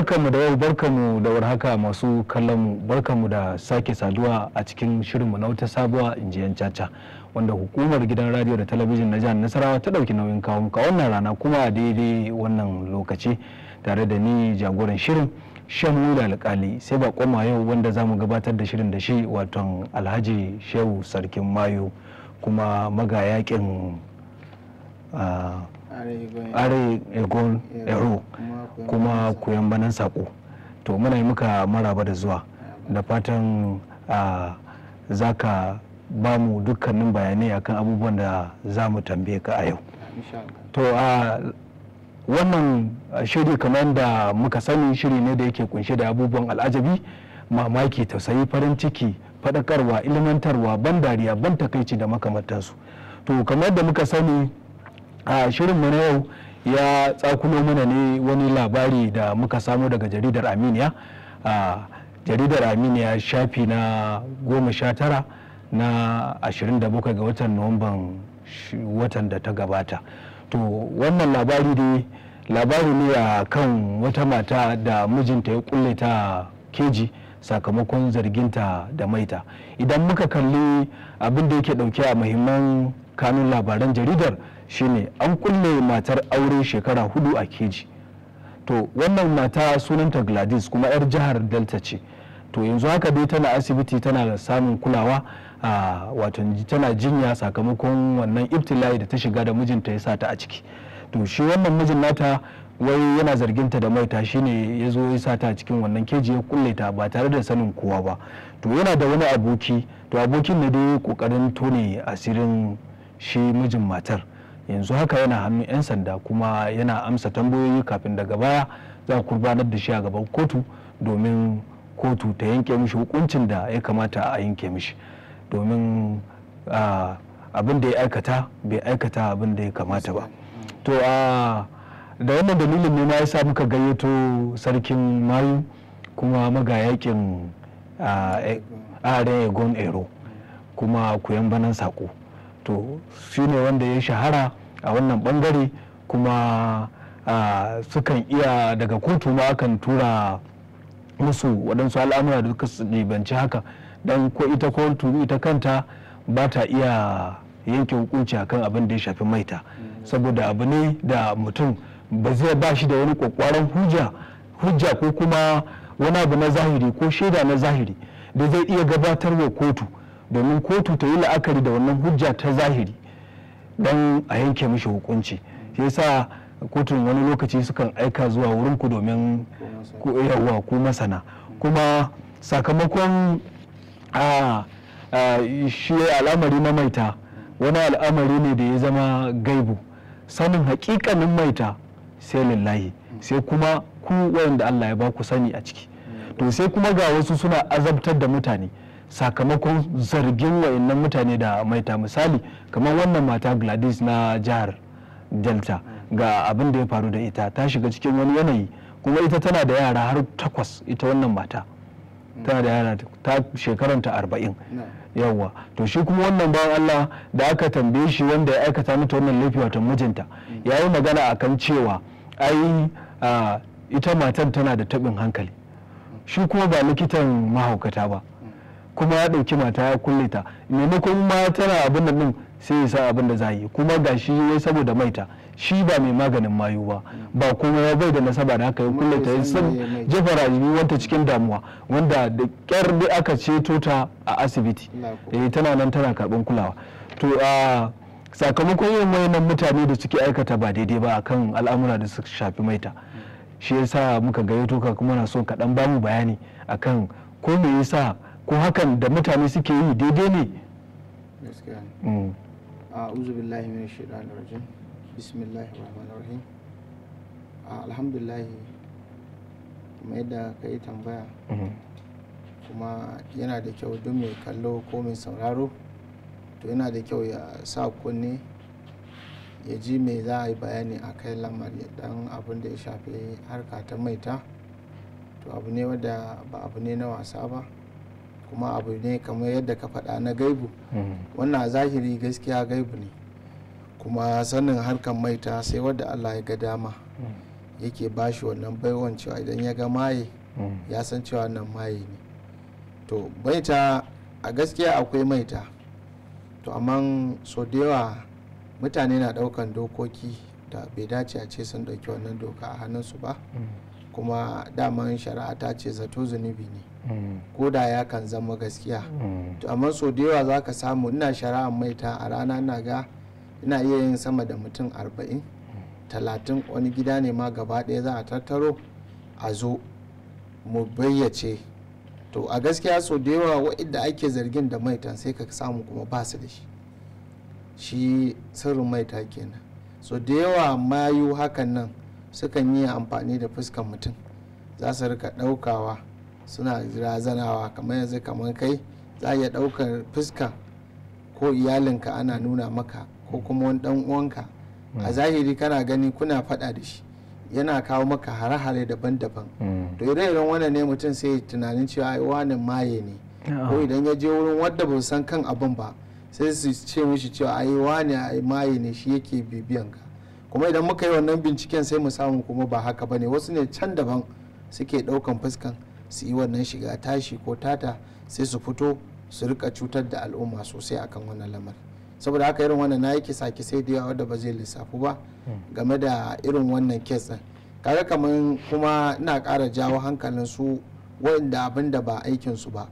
barkanmu da yau barkanmu da warhaka masu kallonmu barkanmu da sake saduwa a cikin shirinmu na wata sabuwa injiyan caca wanda hukumar gidan radio da talabijin na jihar nasarawa ta dauki nauyin kawo muka wannan rana kuma a daidai wannan lokaci tare da ni jagoran shirin shehu da alkali sai ba koma yau wanda zamu gabatar da shirin da shi waton alhaji shehu sarkin mayo kuma magayakin ah, are ero kuma koyan banan sako to muna yi muka maraba da zuwa da fatan za ka ba mu dukkanin bayanai akan abubuwan da za mu tambaye ka a yau to a wannan shiri kamar da muka sani shiri ne da yake kunshe da abubuwan al'ajabi mamaki tausayi farin ciki faɗakarwa ilimantarwa ban dariya ban takaici da makamantansu to kamar da muka sani a shirin mu na yau ya tsakulo mana ne wani labari da muka samu daga jaridar aminiya a jaridar aminiya shafi na goma sha tara na 27 ga watan nuwamban watan da ta gabata to wannan labari ne labari ne a kan wata mata da mijinta ya kulle ta keji sakamakon zarginta da maita idan muka kalli abin da yake dauke a muhimman kanun labaran jaridar shine an kulle matar aure shekara hudu a keji to wannan mata sunanta gladys kuma 'yar jihar delta ce to yanzu haka dai tana asibiti tana da samun kulawa a wato tana jinya sakamakon wannan ibtila'i da ta shiga da mijinta ya sa ta a ciki to shi wannan mijin nata wai yana zarginta da maita shine ya zo ya sa ta a cikin wannan keji ya kulle ta ba tare da sanin kowa ba to yana da wani aboki to abokin na dai kokarin tone asirin shi mijin matar yanzu haka yana hannun 'yan sanda kuma yana amsa tambayoyi kafin daga baya za a kurbanar da shi a gaban kotu domin kotu ta yanke mishi hukuncin da ya kamata a yanke mishi domin abin da ya aikata bai aikata abin da ya kamata ba to a da wannan dalilin ne ma ya sa muka gayyato sarkin mayu kuma magayakin e, are egon ero kuma kuyan banan sako to shi ne wanda ya shahara a wannan bangare kuma sukan iya daga kotu ma akan tura musu waɗansu al'amura da suka ɗibanci haka don ko ita kotu ita kanta ba ta iya yanke hukunci akan abin da ya shafi maita saboda abu ne da mutum ba zai ba shi da wani kwakwaran hujja hujja ko kuma wani abu na zahiri ko shaida na zahiri da zai iya gabatar gabatarwa kotu domin kotu ta yi la'akari da wannan hujja ta zahiri don a yanke mishi hukunci shi yasa kotun wani lokaci sukan aika zuwa wurin ku domin yawa ku masana kuma sakamakon a shi al'amari na maita wani al'amari ne da ya zama gaibu sanin hakikanin maita sai lillahi sai kuma ku wayanda Allah ya ba ku sani a ciki to sai kuma ga wasu suna azabtar da mutane sakamakon zargin wayannan mutane da maita misali kamar wannan mata gladys na jihar delta ga abin da ya faru da ita ta shiga cikin wani yanayi kuma ita tana da yara har takwas ita wannan mata tana da yara ta shekaranta arba'in yawwa to shi kuma wannan bayan allah da aka tambaye shi wanda ya aikata mata wannan laifi wato mijinta ya yi magana kan cewa ai ah, ita matan tana da taɓin hankali shi kuma ba likitan mahaukata ba kuma ya ɗauki mata ya kulle ta maimakon ma tana abin da ɗin sai ya sa abin da za yi kuma ga shi ya saboda maita shi ba mai maganin mayu ba ba kuma ya bai da nasaba da haka ya kulle ta sun jefa wata cikin damuwa wanda da kyar da aka ceto ta a asibiti eh tana nan tana karɓar kulawa to a sakamakon yin wayannan mutane da suke aikata ba daidai ba akan al'amura da suka shafi maita shi yasa muka gayyato ka kuma na so kaɗan ba bamu bayani akan ko me yasa ko hakan da mutane suke yi daidai ne a ne mm. a'udhu billahi rajim bismillahir rahmanir rahim alhamdulillah kuma yadda ka yi tambaya mm-hmm. kuma yana da kyau duk mai kallo ko mai sauraro to yana da kyau ya sa kunne ya ji mai za a yi bayani a kai lamari dan abin da ya shafi harka ta maita to abu ne wadda ba abu ne na wasa ba kuma abu ne kamar yadda ka faɗa na gaibu mm-hmm. wannan zahiri gaskiya gaibu ne kuma sanin harkar maita sai wadda allah ya ga dama mm-hmm. yake ba shi wannan baiwan cewa idan ya ga maye mm-hmm. ya san cewa nan maye ne to maita a gaskiya akwai maita to amma so da yawa mutane na ɗaukan dokoki da bai dace a ce sun ɗauki wannan doka a hannunsu ba kuma daman shari'a ta ce zato zunubi ne mm. ko da ya kan zama gaskiya mm. to amma so da yawa za ka samu ina shari'a maita a rana na ga ina iya yin sama da mutum arba'in talatin wani gida ne ma gaba ɗaya za a tattaro a zo mu bayyace to a gaskiya so da yawa wa'inda ake zargin da maitan sai ka samu kuma ba su da shi shi sirrin maita kenan so da yawa mayu hakan nan sukan yi amfani da fuskan mutum za su rika ɗaukawa suna razanawa kamar yanzu kamar kai za a iya ɗaukar fuska ko iyalinka ana nuna maka ko kuma wani ɗan uwanka a mm. zahiri kana gani kuna fada da shi yana kawo maka hare-hare daban-daban mm. to idan iren wannan ne mutum sai tunanin cewa ai wani maye ne ah. ko idan ya je wurin wadda ba san kan abin ba sai su ce mishi cewa ai wani maye ne shi yake bibiyanka kuma idan muka yi wannan binciken sai mu samu kuma ba haka bane wasu ne can daban suke daukan fuskan su yi wannan shiga tashi ko tata sai su fito su rika cutar da al'umma sosai akan wannan lamari saboda haka irin wannan na yake sake sai da yawa da ba zai lissafu ba hmm. game da irin wannan kes din kaga kamar kuma ina kara jawo hankalin su wanda abin da ba aikin su ba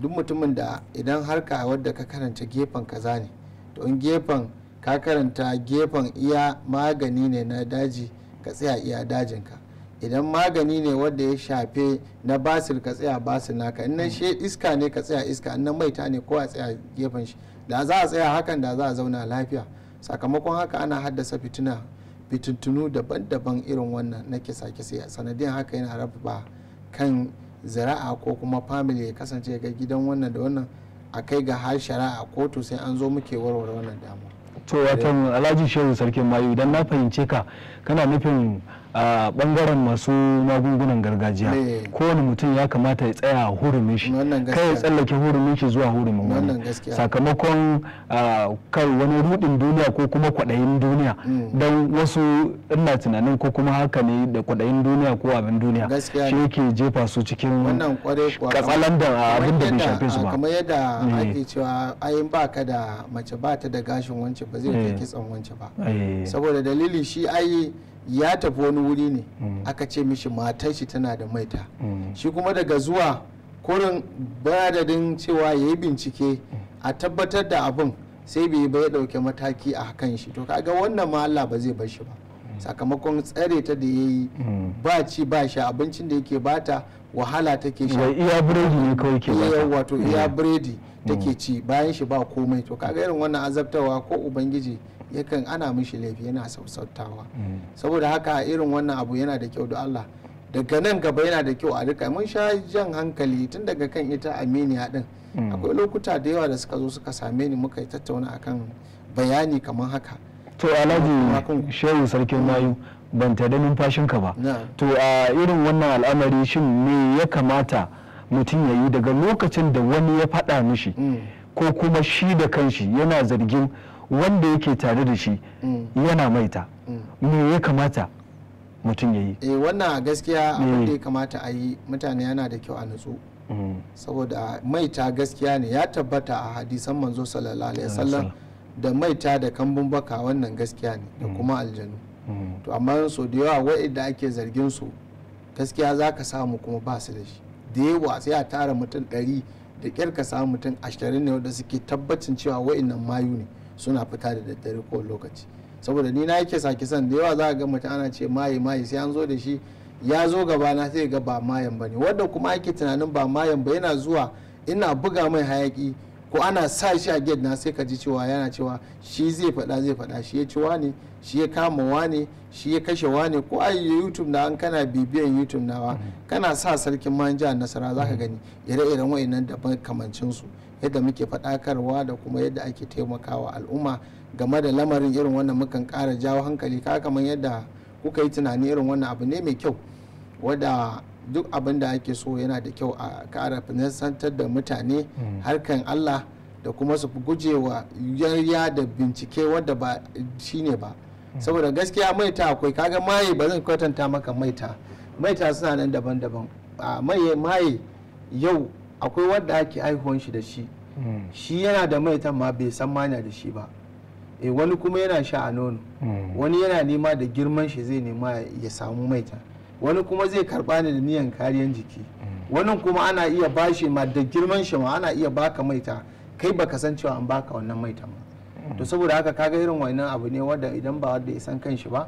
duk mutumin da idan harka wadda ka karanta gefen kaza ne to in gefen ka karanta gefen iya magani ne na daji ka tsaya iya dajinka idan magani ne wanda ya shafe na basir ka tsaya basir naka in hmm. shi iska ne ka tsaya iska in na maita ne ko a tsaya gefen shi da za a tsaya hakan da za a zauna lafiya sakamakon haka ana haddasa fitina fitintunu daban-daban irin wannan na kisa-kisa sanadiyan haka yana raba kan zira'a ko kuma family ya kasance ga gidan wannan da wannan a kai ga har shari'a kotu sai an zo muke warware wannan damuwa to watan alhaji shehu sarkin mayu idan na fahimce ka kana nufin a bangaren masu magungunan gargajiya kowane mutum ya kamata ya tsaya hurumin shi kai ya tsallake hurumin shi zuwa hurumin wani sakamakon kar wani rudin duniya ko kuma kwadayin duniya hmm. don wasu ina tunanin ko kuma haka ne da kwadayin duniya ko abin duniya shi yake jefa su cikin katsalan da abin da bai shafe su ba kamar yadda eh. ake cewa ayin ka da mace ba ta da gashin wance ba zai eh. kai kitson wance ba eh. saboda dalili shi ayi ya tafi wani wuri ne mm. aka ce mishi matar shi tana da maita mm. shi kuma daga zuwa kurin badadin cewa ya yi bincike a tabbatar da abin sai bai bai dauke mataki a hakan shi to kaga wannan ma Allah ba zai bar shi ba sakamakon tsare ta da yayi mm. ba ci ba sha abincin da yake bata wahala take shi. iya biredi ke bata wato take ci bayan shi ba komai to kaga irin wannan azabtawa ko ubangiji yakan ana mishi laifi yana sassautawa mm. saboda haka irin wannan abu yana da kyau da Allah daga nan gaba yana da kyau a duka mun sha jan hankali tun daga kan ita aminiya din mm. akwai lokuta da yawa da suka zo suka same ni muka yi tattauna akan bayani kamar haka to alhaji shehu sarkin mayu ban ta numfashin ka ba to a irin wannan al'amari shin me ya kamata mutum ya yi daga lokacin da wani ya faɗa mishi mm. ko kuma shi da kanshi yana zargin wanda yake tare da shi mm. yana maita mm. me ya kamata mutum ya yi eh, wannan gaskiya abin da eh. ya kamata a yi mutane yana da kyau a nutsu mm. saboda maita gaskiya ne ya tabbata a hadisan manzo sallallahu alaihi wasallam da maita da kambun baka wannan gaskiya ne da kuma aljanu to amma so da yawa wa'inda ake zargin su gaskiya za ka samu kuma ba su da shi da yawa sai a tara mutum ɗari da kyar ka samu mutum ashirin ne wanda suke tabbacin cewa wa'innan mayu ne suna fita da daddare ko lokaci saboda ni na yake saki san da yawa za ga mutum ana ce maye maye sai an zo da shi ya zo gaba na sai ga ba mayan ne wanda kuma ake tunanin ba mayan ba yana zuwa ina buga mai hayaki ko ana sa shi a gate na sai ka ji cewa yana cewa shi zai faɗa zai faɗa shi ya ci wane shi ya kama wane shi ya kashe wane ko a youtube na an kana bibiyan youtube nawa mm-hmm. kana sa sarkin manja nasara zaka mm-hmm. gani ire-iren wayannan daban kamancin su yadda muke faɗakarwa da kuma yadda ake taimakawa al'umma game da lamarin irin wannan mukan kara jawo hankali ka kamar yadda kuka yi tunani irin wannan abu ne mai kyau wadda duk abin da ake so yana da kyau a kara nisantar da mutane hmm. harkan allah da kuma su gujewa yarya da bincike wadda ba shine ba hmm. saboda gaskiya maita akwai kaga maye ba zan kwatanta maka maita maita suna nan daban-daban ah, maye maye yau akwai wanda ake haihuwan shi da shi hmm. shi yana da maita ma bai san mana da shi ba e wani kuma yana sha a nono hmm. wani yana nema da girman shi zai nema ya samu maita wani kuma zai karba ni da niyan kariyan jiki hmm. wani kuma ana iya bashi ma da girman shi ma ana iya baka maita kai baka san cewa an baka wannan maita ma to saboda haka kaga irin wannan abu ne wanda idan ba wanda ya san kanshi ba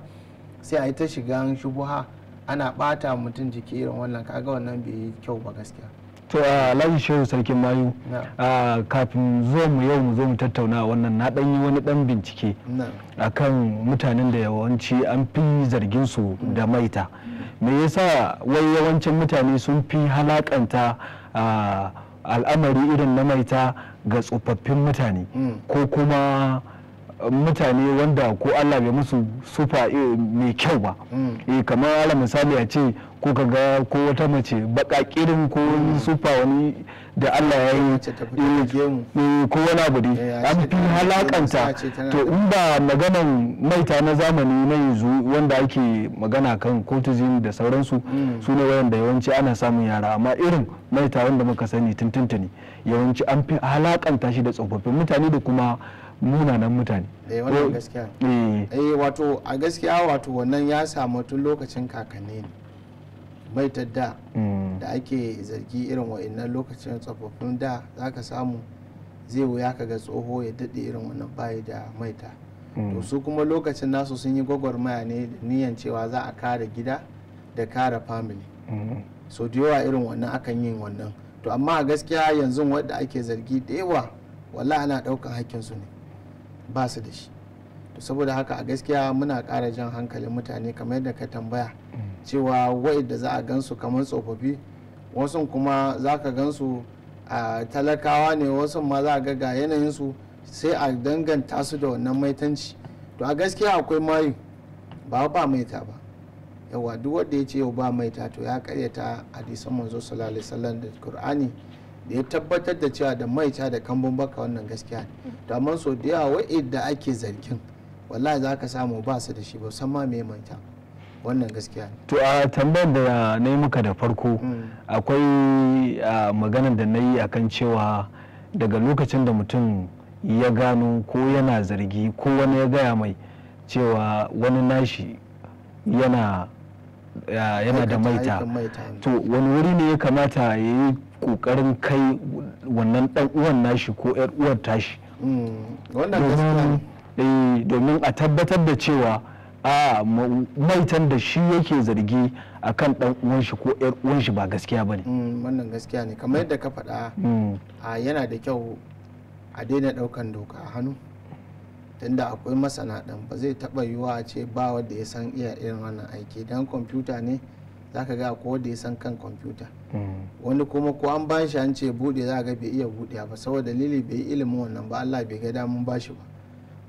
sai a yi ta shiga shubuha ana bata mutum jiki irin wannan kaga wannan bai yi kyau ba gaskiya to a lafi shehu sarkin mayu kafin zuwa mu yau mu zo mu tattauna wannan na ɗanyi wani ɗan bincike a kan mutanen da yawanci an fi zargin su da maita me yasa wai yawancin mutane sun fi halakanta al'amari irin na maita ga tsofaffin mutane hmm. ko kuma mutane wanda ko Allah bai musu sufa eh, mai kyau ba hmm. eh, kamar ala misali a ce ko ka ga ko wata mace baka kirin ko wani mm. sufa wani da Allah ya yi eh, eh, ko wani abu dai eh, an fi halakanta to in ba maganan maita na zamani na yanzu wanda ake magana kan kotuzin da sauransu mm. su ne wayanda yawanci ana samun yara amma irin maita wanda muka sani tuntuntuni yawanci an fi halakanta shi da tsofaffin mutane da kuma munanan mutane eh wannan gaskiya eh wato a gaskiya wato wannan ya samu tun lokacin kakanni ne maitar da mm. da ake zargi irin wa'annan lokacin tsofaffin da za ka samu zai wuya ka ga tsoho ya daɗe irin wannan bayi da maita mm. to su kuma lokacin nasu sun yi gwagwarmaya ne da niyan cewa za a kare gida da kare family mm. so da yawa irin wannan akan yin wannan to amma a gaskiya yanzu wadda ake zargi da yawa wala ana ɗaukan hakkinsu ne ba su da shi to saboda haka a gaskiya muna ƙara jan hankalin mutane kamar yadda ka tambaya cewa da za a gansu kamar tsofaffi wasu kuma za ka gansu a talakawa ne wasu ma za a ga ga yanayinsu sai a danganta su da wannan maitanci to a gaskiya akwai mayu ba ba maita ba yawa duk wanda ya ce yau ba maita to ya karyata hadisan manzo sallallahu alaihi wasallam da qur'ani da ya tabbatar da cewa da maita da kambun baka wannan gaskiya ne to amma so da yawa wa'id da ake zargin wallahi za ka samu ba su da shi ba san ma me maita wannan gaskiya to a tambayar da na yi maka da farko mm. akwai maganar da na yi a kan cewa daga lokacin da mutum ya gano ko yana zargi ko wani ya gaya mai cewa wani nashi yana yana da maita to wani wuri ne ya kamata ya yi kokarin kai wannan dan uwan nashi ko yar uwar tashi mm. eh, domin a tabbatar da cewa a maitan da shi yake zargi akan dan uwanshi ko yar uwanshi ba gaskiya bane mm, wannan gaskiya ne kamar yadda ka faɗa mm. yana da kyau a daina ɗaukan doka a hannu tunda akwai masana ɗan ba zai taɓa yiwuwa a ce ba wanda ya san iya irin wannan aiki dan kwamfuta ne za ka ga ko wanda ya san kan kwamfuta mm. wani kuma ko an ba shi an ce bude za ga bai iya buɗe ba saboda dalili bai ilimin wannan ba Allah bai ga damun ba shi ba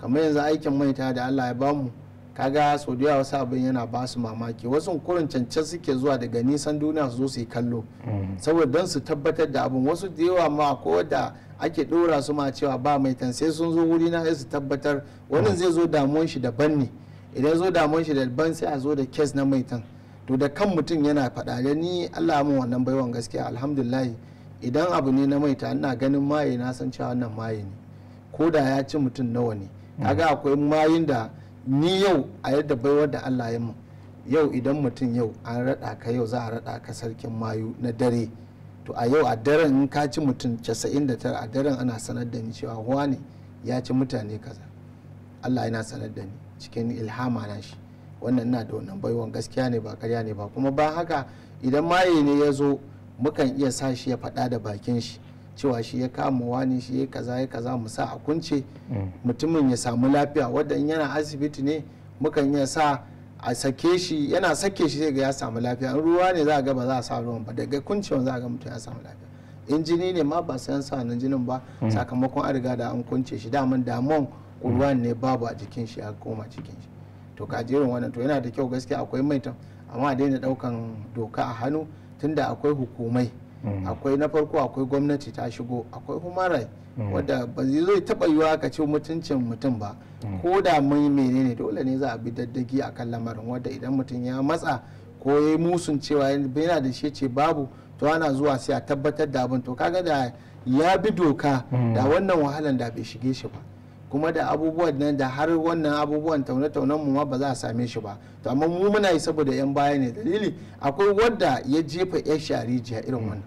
kamar yanzu aikin maita da Allah ya bamu kaga sau da yawa wasu abin yana ba su mamaki wasu kurin cance suke zuwa daga nisan duniya su zo su yi kallo mm. saboda don su tabbatar da abin wasu da yawa ma ko da ake ɗora su ma cewa ba mai sai sun zo wuri na su tabbatar wani mm. zai zo damuwan shi daban ne idan zo damuwan shi daban sai a zo da kes na maitan to da kan mutum yana faɗa da ni Allah mun wannan baiwan gaskiya alhamdulillah idan abu ne na maita ina ganin maye na san cewa wannan maye ne ko da ya ci mutum nawa ne mm. kaga akwai mayin da ni yau a yadda baiwar da allah ya mu yau idan mutum yau an raɗa ka yau za a raɗa ka sarkin mayu na dare to a yau a daren in ka ci mutum 99 a daren ana sanar da ni cewa wani ya ci mutane kaza allah yana sanar da ni cikin ilhama na shi wannan na da wannan baiwan gaskiya ne ba karya ne ba kuma ba haka idan maye ne ya zo mukan iya sa shi ya faɗa da bakin shi cewa shi ya kama wani shi ya kaza ya kaza mu sa a kunce mm. mutumin ya samu lafiya wadda in yana asibiti ne mukan iya sa a sake shi yana sake shi ga ya samu lafiya in ruwa ne za a ga ba za a sa ruwan ba daga kuncewan za a ga mutum ya samu lafiya in jini ne ma ba sai an sa nan jinin ba mm. sakamakon an riga da an kunce shi daman damon mm. ruwan ne babu a jikin shi ya koma jikin shi to ka jerin wannan to yana da kyau gaskiya akwai maita amma daina daukan doka a hannu tunda akwai hukumai Mm. akwai na farko akwai gwamnati ta shigo akwai humarai mm. wadda ba zai taba yiwa ka ce mutuncin mutum ba mm. ko da mai menene dole ne za a bi daddagi a kan lamarin wadda idan mutum ya matsa ko ya yi musun cewa yana da shi ce babu to ana zuwa sai a tabbatar da abin to kaga da ya bi doka da wannan wahalan da bai shige shi ba kuma da abubuwan nan da har wannan abubuwan taune-taunen mu ma ba za a same shi ba to amma mu muna yi saboda yan baya ne dalili akwai wadda ya jefa yan shari'a irin wannan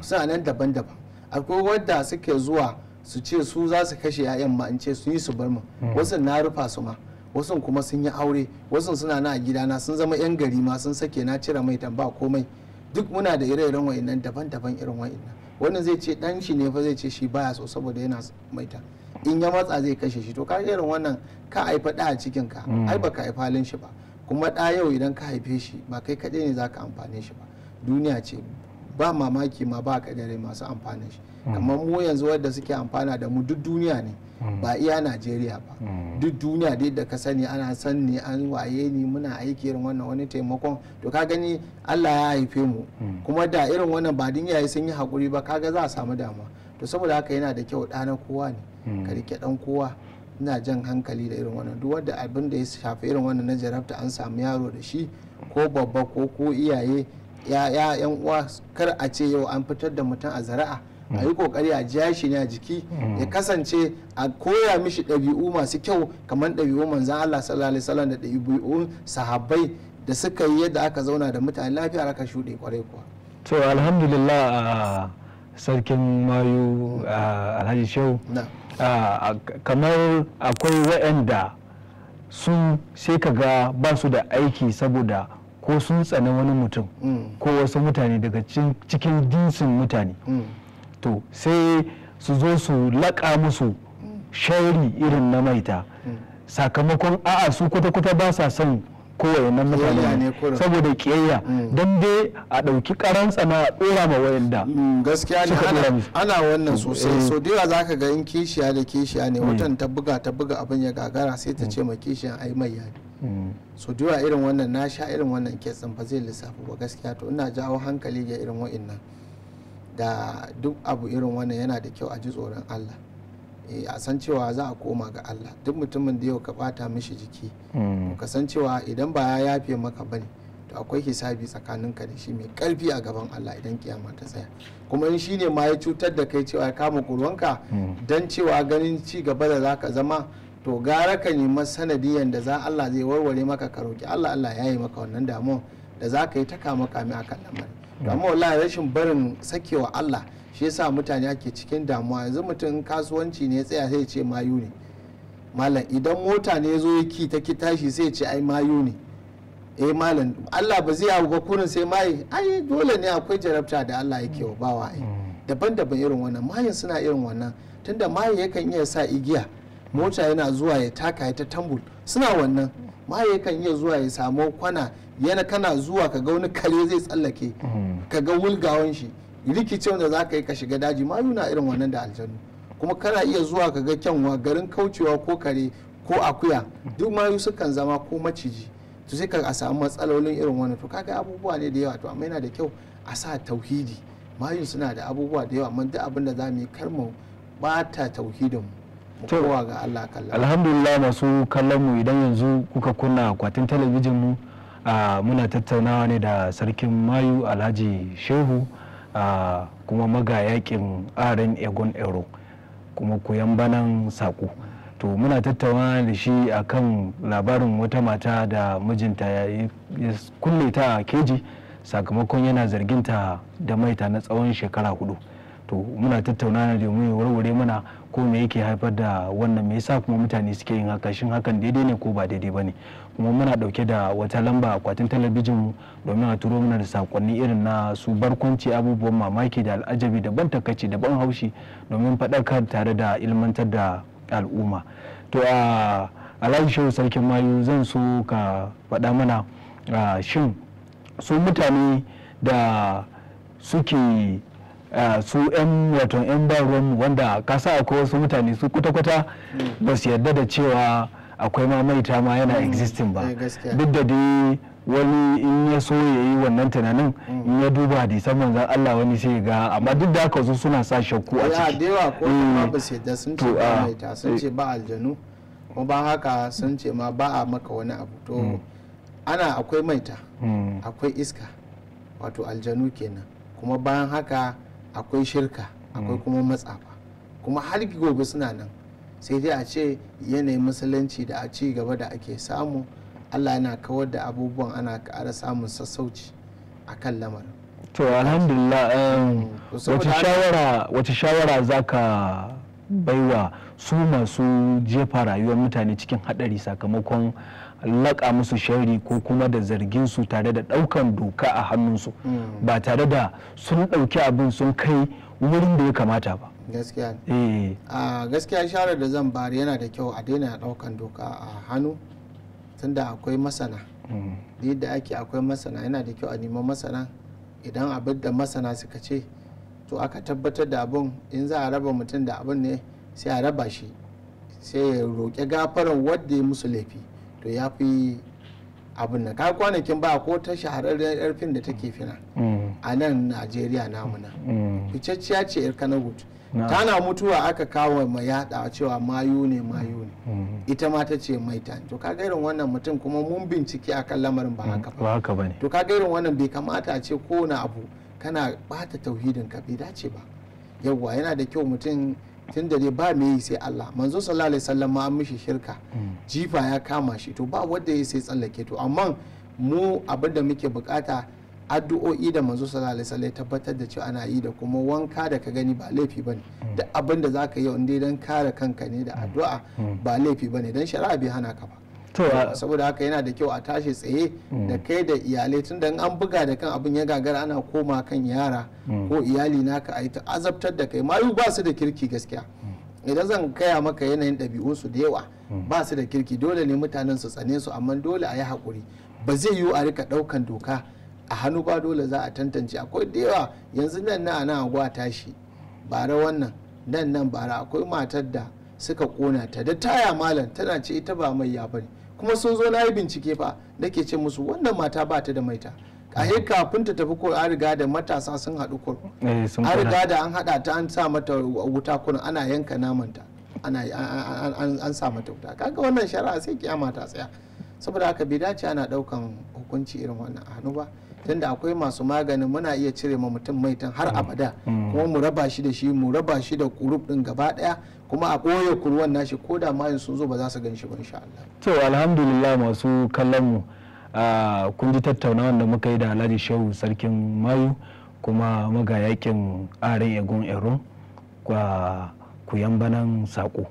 suna nan daban-daban akwai wadda suke zuwa su ce su za su kashe 'ya'yan ma in ce su yi su bar mu hmm. wasu na rufa su ma wasu kuma sun yi aure wasu suna na gidana sun zama 'yan gari ma sun sake na cire mai tamba komai duk muna da ire-iren wa'annan daban-daban irin wa'annan wannan zai ce dan shi ne fa zai ce shi baya so saboda yana maita in ya matsa zai kashe shi to ka irin wannan ka haifa da a cikin ka hmm. ai baka haifa halin shi ba kuma da yau idan ka haife shi ba kai kaɗai ne ka amfane shi ba duniya ce ba mamaki ma ba kadare masu amfanin shi mm. kamar mu yanzu wadda suke amfana da mu duk duniya ne mm. ba iya najeriya ba mm. duk duniya dai da ka sani ana san ne an waye ni muna aiki irin wannan wani taimakon to ka gani allah ya haife mu kuma da irin wannan ba din yayi sun yi hakuri ba kaga za a samu dama to saboda haka yana da kyau ɗana kowa ne ka rike ɗan kowa ina jan hankali da irin wannan duk wanda abin da ya shafi irin wannan na jarabta an samu yaro da shi ko babba ko ko iyaye ya yan uwa kar a ce yau an fitar da mutum a zara'a a yi kokari a jiya shi ne a jiki ya mm. kasance a koya mishi ɗabi'u masu kyau kamar ɗabi'u manzan Allah sallallahu alaihi wasallam da ɗabi'u sahabbai da suka yi yadda aka zauna da mutane lafiya aka shuɗe kwarai kuwa to alhamdulillah sarkin mayu alhaji shehu kamar akwai wa'anda sun sai ka ga ba su da aiki saboda ko sun tsani wani mutum mm. ko wasu mutane daga cikin jinsin mutane mm. to sai su zo su laƙa musu mm. shari irin na maita sakamakon a'a su kwata-kwata ba sa son nan mutane saboda kiyayya mm. don dai a ɗauki karan tsana a ɗora ma wayanda mm, gaskiya ne ana wannan sosai eh. so da za ka ga in kishiya da kishiya ne mm. watan ta buga ta buga abin ya gagara sai ta ce ma kishiya ai mai yari so da irin wannan na sha irin wannan ketsin ba zai lissafi ba gaskiya to ina jawo hankali ga irin wa'innan da duk abu irin wannan yana da kyau a ji tsoron Allah Eh, a san cewa za a koma ga Allah duk mutumin da yau ka bata mishi jiki hmm. ka san cewa idan ba ya yafe maka bane to akwai hisabi tsakanin ka da shi mai karfi a gaban Allah idan kiyama ta tsaya kuma in shine ma ya cutar da kai cewa ya kama kurwanka hmm. dan cewa ganin ci gaba da zaka zama to gara ka nemi sanadiyan da za Allah zai warware maka ka roki Allah Allah ya yi maka wannan damuwa da za ka yi ta kama kame akan lamarin amma wallahi rashin barin sakewa Allah shi yasa mutane ake cikin damuwa yanzu mutum kasuwanci ne ya tsaya sai ce mayu ne malam idan mota ne zo ki ta ki tashi sai ce ai mayu ne eh malam Allah ba zai abu kurin sai mai ai dole ne akwai jarabta da Allah yake wa bawa ai mm. daban-daban irin wannan mayin suna irin wannan tunda maye yakan iya sa igiya mota yana zuwa ya taka ya ta tambul suna wannan maye yakan iya zuwa ya samu kwana yana kana zuwa ka ga wani kare zai tsallake mm-hmm. ka ga wulgawan shi rikicin da za ka yi ka shiga daji mayu na irin wannan da aljanu kuma kana iya zuwa ka ga kyanwa garin kaucewa ko kare ko akuya duk mayu sukan zama ko maciji to sai ka samu matsalolin irin wannan to kaga abubuwa ne da yawa to amma yana da kyau a sa tauhidi mayu suna da abubuwa da yawa amma duk abin da za mu yi kar ba bata tauhidin mu kowa ga Allah kallon alhamdulillah masu kallon mu idan yanzu kuka kunna akwatin talabijin mu a muna tattaunawa ne da sarkin mayu alhaji shehu a kuma maga-yaƙin arin egon ero kuma koyan banan saƙo to muna tattaunawa da shi a kan labarin wata mata da mijinta ya kulle ta keji sakamakon yana zarginta da maita na tsawon shekara hudu to muna tattaunawa da mu warware mana ko me yake haifar da wannan me yasa kuma mutane suke yin haka shin hakan daidai ne ko ba daidai ba ne kuma muna dauke da wata lamba akwatin talabijin domin a turo mana da sakonni irin na su barkwanci abubuwan mamaki da al'ajabi daban takaici daban haushi domin faɗakar tare da ilmantar da al'umma to a alhaji shehu sarkin mayu zan so ka faɗa mana shin su mutane da suke Eh, su 'yan wato 'yan ruwan wanda kasa akwai wasu mutane su kwata-kwata ba su yarda da cewa akwai ma maita ma yana hmm. existing ba eh, duk da dai wani in ya so ya yi wannan tunanin hmm. in ya duba hadisan manzan Allah wani sai ya ga amma duk da haka su suna sa shakku a ciki. da yawa ko ma hmm. ba su yarda sun ce ba ah, maita sun eh. ce ba aljanu ko ba haka sun ce ma ba a maka wani abu to ana akwai maita akwai iska wato aljanu kenan kuma bayan haka akwai shirka akwai mm. kuma matsafa kuma har gobe suna nan sai dai a ce yanayin musulunci da a ci gaba da ake samu allah yana kawar da abubuwan ana kara samun sassauci a kan lamarin to alhamdulillah um, wace shawara za ka baiwa su masu jefa rayuwar mutane cikin haɗari sakamakon laƙa musu shari ko kuma da zargin su tare da ɗaukan doka a hannunsu ba tare da sun ɗauki abin sun kai wurin da ya kamata ba gaskiya eh. a gaskiya da zan bari yana da kyau a daina ɗaukan doka a hannu tunda akwai masana hmm. yadda ake akwai masana yana da kyau a neman masana idan abin da masana suka ce to aka tabbatar da abin in za a raba mutum da abin ne sai a raba shi sai ya roƙi gafaran wadda ya musu laifi to ya fi abin nan ka kwanakin ba ko ta shahararren yar fim da take fina mm. a nan najeriya namuna. na mm. ficacciya ce yar kanagut tana mutuwa aka kawo mai yada cewa mayu ne mayu ne mm. ita ma ta ce mai ta to kaga irin wannan mutum kuma mun bincike akan lamarin ba haka ba to kaga irin wannan bai kamata a ce ko abu kana bata tauhidin ka bai dace ba yawwa yana da kyau mutum tun da dai ba me yi sai Allah manzo sallallahu alaihi wasallam ma an mishi shirka mm. jifa ya kama shi to ba wanda ya sai tsallake to amma mu abin da muke bukata addu'o'i da manzo sallallahu alaihi wasallam tabbatar da cewa ana yi da kuma wanka da ka gani ba laifi bane mm. da abin da zaka yi wanda dan kare kanka ne da mm. addu'a ba laifi bane dan shari'a bai hana ka ba saboda haka yana da kyau a tashi tsaye mm. da kai da iyalai tun da an buga da kan abin ya gagara ana koma kan yara mm. ko iyali naka a yi ta azabtar da kai mayu ba su da kirki gaskiya mm. idan zan kaya maka yanayin ɗabi'unsu da yawa ba su da kirki dole ne mutanen su tsane su amma dole a yi hakuri ba zai yiwu a rika ɗaukan doka a hannu ba dole za a tantance akwai da yawa yanzu nan na ana gwa tashi bara wannan nan nan bara akwai matar da suka kona ta da taya malam tana ce ita ba mai ya kuma sun zo na yi bincike fa nake ce musu wannan mata ba ta da maita a kafin ta tafi ko an riga da matasa sun haɗu kur eh, an riga da an haɗa ta an sa mata wuta kun ana yanka namanta an sa mata wuta kaga wannan shari'a sai kiyama ta tsaya saboda haka bai dace ana ɗaukan hukunci irin wannan a hannu ba tunda akwai masu maganin muna iya cire ma mutum maitan har mm. abada mm. kuma mu raba shi da shi mu raba shi da kurub din gaba daya kuma a ɓoye kurwan nashi ko da mayin sun zo ba za su gan shi ba insha Allah. to alhamdulillah masu kallon mu kun ji tattaunawan da muka yi da Alhaji Shehu sarkin Mayu kuma maga yakin are egon ero kwa kuyan banan sako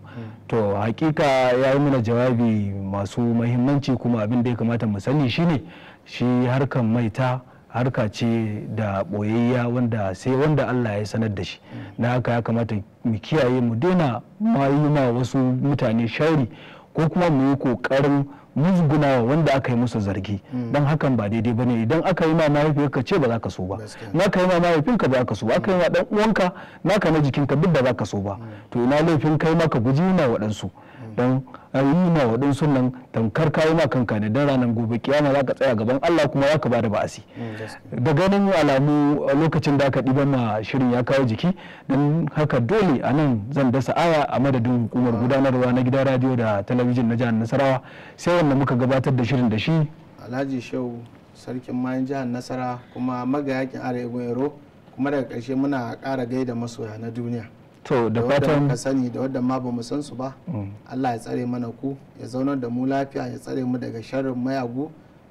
to hakika ya yi mana jawabi masu mahimmanci kuma abin da ya kamata mu sani shine shi harkan maita harka ce da boyayya wanda sai wanda Allah ya sanar da shi na haka ya kamata mu kiyaye mu daina ma yi ma wasu mutane shari ko kuma mu yi kokarin musgunawa wanda aka yi musu zargi hmm. don hakan ba daidai ba ne idan aka yi ma mahaifinka ce ba za ka so ba na ka yi ma mahaifinka ba za ka so ba aka yi ma dan uwanka na ka na jikinka duk da za ka so ba hmm. to ina laifin kai maka ka guji na waɗansu dan ayyuna wa waɗansu nan tamkar kayi ma kanka ne don ranar gobe kiyama za ka tsaya gaban Allah kuma za ka ba da ba'asi mm, da ganin alamu lokacin da aka ɗiba ma shirin ya kawo jiki don haka dole a nan zan dasa aya a madadin hukumar gudanarwa na gidan radiyo da talabijin na jihar nasarawa sai wanda muka gabatar da shirin da shi alhaji shehu sarkin mayan jihar nasara kuma magayakin arewa kuma daga ƙarshe muna ƙara gaida masoya na duniya to da fatan ka sani da wadda ma bamu san su ba mm. Allah ya tsare mana ku ya zaunar da mu lafiya ya tsare mu daga sharrin mayagu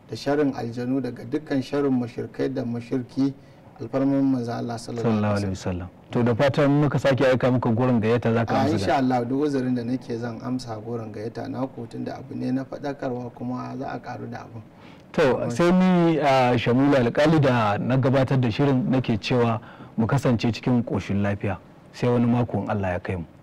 da sharrin aljanu daga dukkan sharrin mushrikai da mushirki alfarman manzo Allah sallallahu alaihi wasallam to da fatan muka sake aika muka gurin gayyata zaka amsa insha Allah duk uzurin da nake zan amsa gurin gayyata na ku tunda abu ne na fadakarwa kuma za a karu da abu. to sai ni shamula alkali da na gabatar da shirin nake cewa mu kasance cikin koshin lafiya sai wani mako in Allah ya kai mu